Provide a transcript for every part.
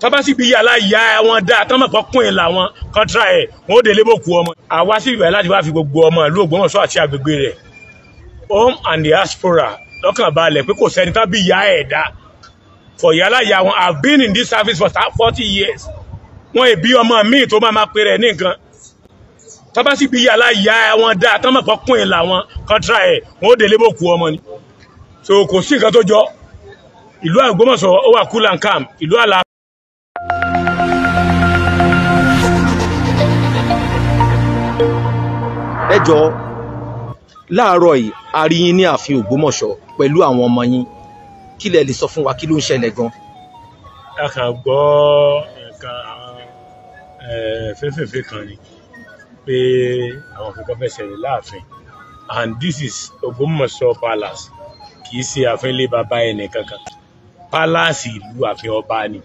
tọ́ bá sì bí yàrá ìyá wọn dáa tọ́ mọ̀ kọ́ kún ẹ̀ làwọn kọ́ńtà ẹ̀ wọn ó délé bòkú ọmọ. àwa sì bẹ̀rẹ̀ láti wá fi gbogbo ọmọ ìlú Ògbómọ̀ṣọ́ àti agbègbè rẹ̀ home and diaspora lọ́kàn balẹ̀ pé kò sẹ́ni tá bí ìyá ẹ̀ dá for yàrá ìyá wọn have been in this service for forty years wọn è bí ọmọ míì tó máa máa pe rẹ̀ ní nǹkan tọ́ bá sì bí yàrá ìyá wọn dáa tọ́ mọ̀ kọ́ kún ẹ̀ làwọn kọ́ńtà ẹ̀ wọn ó délé bòkú ọmọ ni so kò sí nǹkan tó jọ ìlú Ògbómọ̀ṣọ́ ó wà kúlankam ìlú àlà àwùjọ láàárọ̀ yìí a rí yín ní ààfin Ògbómọ̀ṣọ́ pẹ̀lú àwọn ọmọ yín kí lẹ lè sọ fún wa kí ló ń ṣẹlẹ̀ gan. a kà gbọ́ ẹ̀ka fẹ́fẹ́fẹ́ kan ni pé àwọn kankan fẹ́ ṣẹlẹ̀ láàfin and this is Ògbómọ̀ṣọ́ palace kì í ṣe ààfin ilé bàbá ẹnì kankan palace ìlú ààfin ọba ni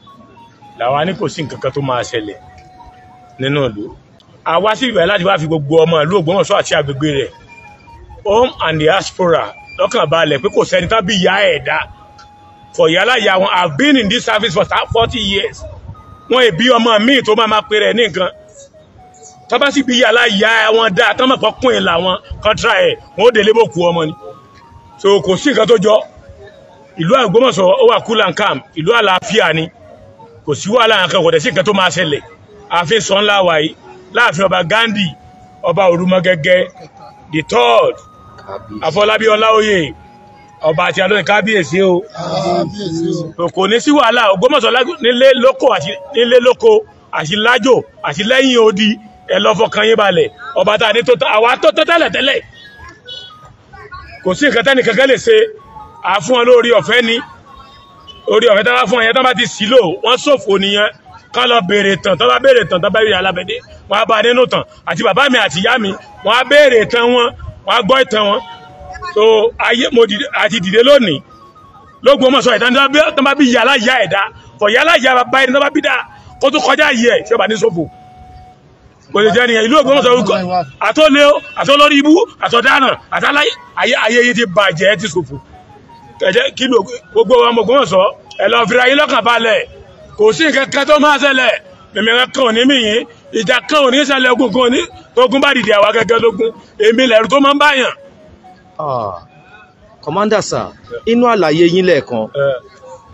làwa ní kò sí nǹkan kan tó máa ṣẹlẹ̀ nínú ìlú àwa sì bẹ̀rẹ̀ láti wá fi gbogbo ọmọ ìlú Ògbómọ̀ṣọ́ àti agbègbè rẹ̀ home and diaspora lọ́kàn balẹ̀ pé kò sẹ́ni tábí ìyá ẹ̀dá for yàrá ìyá wọn have been in this service for forty years wọn èbí ọmọ míì tó máa máa pe rẹ̀ ní nǹkan tọ́ba sì bí yàrá ìyá wọn dáa tọ́ mọ̀ pọ́kùn ẹ̀ làwọn kọ́ńtà ẹ̀ wọn ó délé bó ku ọmọ ni so kò sí nǹkan tó jọ ìlú Ògbómọ̀ṣọ́ ó wà cool and calm ìlú àlàáfíà ni kò sí wàhálà nǹkan kò dẹ̀ sí nǹkan tó máa ṣẹlẹ̀ àfi sọ ńlá wáyé láàfin ọba Gandhi ọba Òrùmọgẹgẹ the third Afọlábí Ọláoyè ọba àti alóyìn kábíyèsí o kò ní sí wàhálà Ògbómọ̀ṣọ́ nílé lóko àti nílé lóko àti lájò àti lẹ́yìn odi ẹ lọ fọkàn yín balẹ̀ ọba tá a ní tó tá àwa tó tó tẹ́lẹ̀ tẹ́lẹ̀ kò sí nǹkan tẹ́nì kankan lè ṣe àfún ọ lórí ọ̀fẹ́ ni orí ọ̀fẹ́ tá a bá fún ọ yẹn tá a bá ti sílò wọ́n ṣòfò nìyẹn kán lọ béèrè tàn tán bá béèrè tàn tán bá yìí alábẹ́dé wọn á bá nínú tàn àti bàbá mi àti ìyá mi wọn á béèrè tàn wọn wọn á gbọ́ ìtàn wọn so ayé mo dìde àti dìde lónìí lógun ọmọ sọ ẹ̀dá ní tán bá bí yàrá ìyá ẹ̀dá fọ̀ yàrá ìyá bàbá ẹni tán bá bí dáa kó tó kọjá yìí ẹ̀ tí ó bá ní sófò kò lè jẹ́ nìyẹn ìlú Ògbómọ̀ṣọ́ orúkọ àtọ́lé àtọ́lórí ibú àtọ́dáná àtàláyé ayé yìí ti bàjẹ́ ti sòfò kẹ̀jẹ́ kí gbogbo ọmọ Ògbómọ̀ṣọ́ ẹ̀ lọ́ọ́ fira yín lọ́kàn balẹ̀ kò sí nǹkan kan tó máa ṣẹlẹ̀ mẹ̀mẹ̀rẹ̀ kan ò ní mí yín ìjà kan ò ní ṣẹlẹ̀ ogun kan ò ní tógun bá dìde àwa gẹ́gẹ́ lógún èmi lẹ̀rù tó máa ń báyàn. kọ́mándà ah, sà inú àlàyé yín lẹ́ẹ̀kan eh.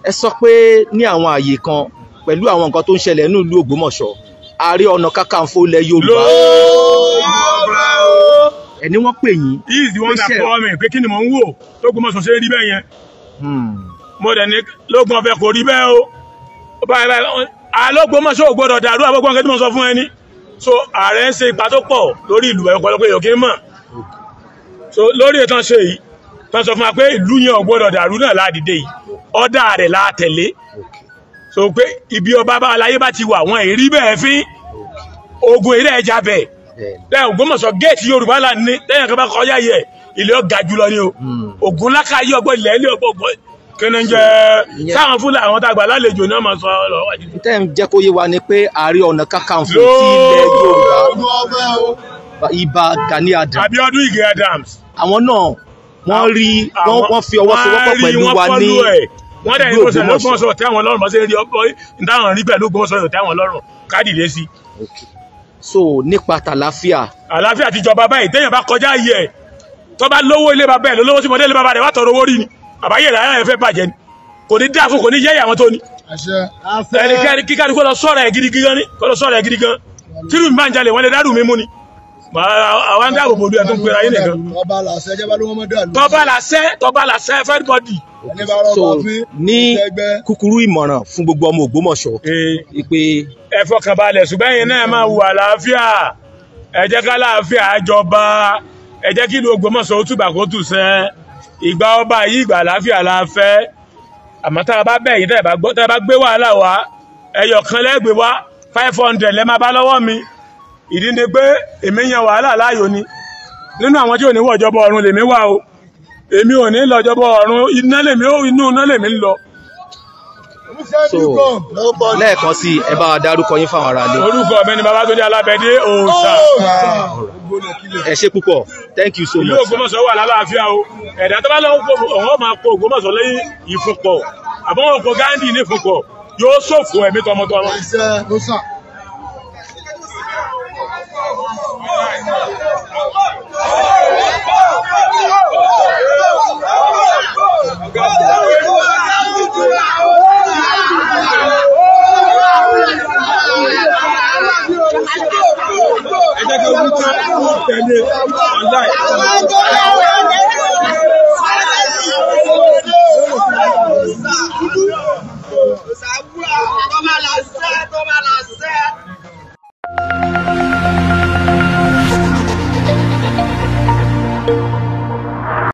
ẹ sọ pé ní àwọn àyè kan pẹ̀lú àwọn nǹkan tó ń ṣẹlẹ̀ ní ìlú Ògbómọ̀ṣọ́ Ààrẹ Ọ̀nà Kakanfò lẹ Yorùbá ẹni wọ́n pè yín. he is the one that call me pé kí ni mò ń wò tó gbọmọ sọ ṣe rí bẹ́ẹ̀ yẹn. Hmm. mo dẹ̀ ní lóògùn ọ̀fẹ́ kò rí bẹ́ẹ̀ o alógbómọ̀ṣọ́ ògbọ́dọ̀ dàrú àgbọ́gbọ́n kẹ́tí mọ̀ sọ fún ẹni so ààrẹ ń ṣe ipa tó pọ̀ lórí ìlú ẹ̀kọ́lọ́pọ̀ èèyàn kí mọ̀ so lórí ètàn ṣe yìí tán sọ fún wa pé ìlú yẹn ògbọ́dọ̀ dàrú náà ládìde yìí ọ̀dà rẹ̀ la tẹ̀lé so pé ibi ọba bá aláyé bá ti wà wọn èrí bẹ́ẹ̀ fín ogun èrí ẹja bẹ̀ lẹ́yìn Ògbómọ̀ṣọ́ géètì Yorùbá là ní lẹ́yìn kan bá kọjá yẹ ilé ọ̀gá jùlọ ni o hmm. Ògúnlákà yí ọgbọ́n ilẹ̀ ilé ọgbọ́n kíni jẹ́ táwọn fúlà àwọn tàgbà lálejò náà máa sọ ọ̀rọ̀ tẹ́ ń jẹ́ kó yé wa ni pé ààrẹ ọ̀nà kakanfò tí ilẹ̀ yorùbá ibà Gani Adams. Abiodun Ige Adams. àwọn náà wọ́n rí wọ́n fi ọwọ́ sowọ́pọ̀ pẹ̀lú wa ní wọ́n dẹ̀ ní gbọ́sọ̀ lọ́gbọ́sọ̀ tẹ́wọn lọ́rùn bọ́sẹ̀ rí ọgbọ́ ìdáhùn rí pẹ̀lú gbọ́sọ̀ yóò tẹ́wọn lọ́rùn kádìdé sí. so nípa tàlàfíà. àlàáfíà tíjọba báyìí téèyàn bá kọjá yẹ tó bá lówó ilé bàbá ẹ̀ lówó sí mọ́tẹ́lẹ́ bàbá rẹ̀ wá tọrọ owó rí ni àbáyé làárá ẹ fẹ́ bàjẹ́ ni kò ní dáa fún kò ní yẹ́yẹ́ àwọn tó ní. ẹnikẹ́ni kíkà ni kó lọ sọ̀rọ̀ ẹ̀ gidi gan ni kó lọ sọ̀rọ̀ ẹ̀ gidi gan tírù mi máa ń jalè wọ́n lè dárù mi mú ni àwa ń dáàbò bòlú ẹ̀ tó ń pera yín nìkan. tọ́ba làṣẹ tọ́ba làṣẹ everybody. so ní kúkúrú ìmọ̀ràn fún gbogbo ọmọ Ògbómọ̀ṣọ́. ẹ fọkàn balẹ̀ ṣùgbọ́n ẹ̀yin náà máa wà láàfíà ẹ jẹ́ ká láàfíà jọba ẹ jẹ́ kí ìlú Ògbómọ̀ṣọ́ ó túbà kó tù sẹ́ẹ́ ìgbà ọba yìí ìgbà àlàáfíà la fẹ́ àmọ́ tá a bá bẹ̀ yín tá a bá gbé wàhálà wá ẹyọ kan lẹ́gbẹ̀ẹ́ wá five hundred lẹ́ẹ̀ máa bá lọ́wọ́ mi ìdí ni pé èmi yan wàhálà láàyò ni nínú àwọn tí ò ní wọ̀jọ́bọ̀ ọ̀run lèmi wà o èmi ò ní lọ́jọ́bọ̀ ọ̀run iná lèmi ó inú iná lèmi ń lọ so lẹ́ẹ̀kan sí ẹ bá dárúkọ yín fáwọn ará ilé. orúkọ mi ni Babátúndé Alábẹ̀dé òòṣà. Oh, ẹ ṣe púpọ̀ thank you so much. ìlú Ògbómọ̀ṣọ́ wà lálàáfíà o ẹ̀dá tó bá lọ́wọ́ kó ọ̀hún máa kó Ògbómọ̀ṣọ́ lẹ́yìn ìfúnpọ̀ àbọ̀wọ̀n kó Ghandi ní ìfúnpọ̀ yóò ṣòfò ẹ̀mí tọmọtọmọ. ẹ jẹ́ kí ojú tán kú tẹ̀lé online. Thank you.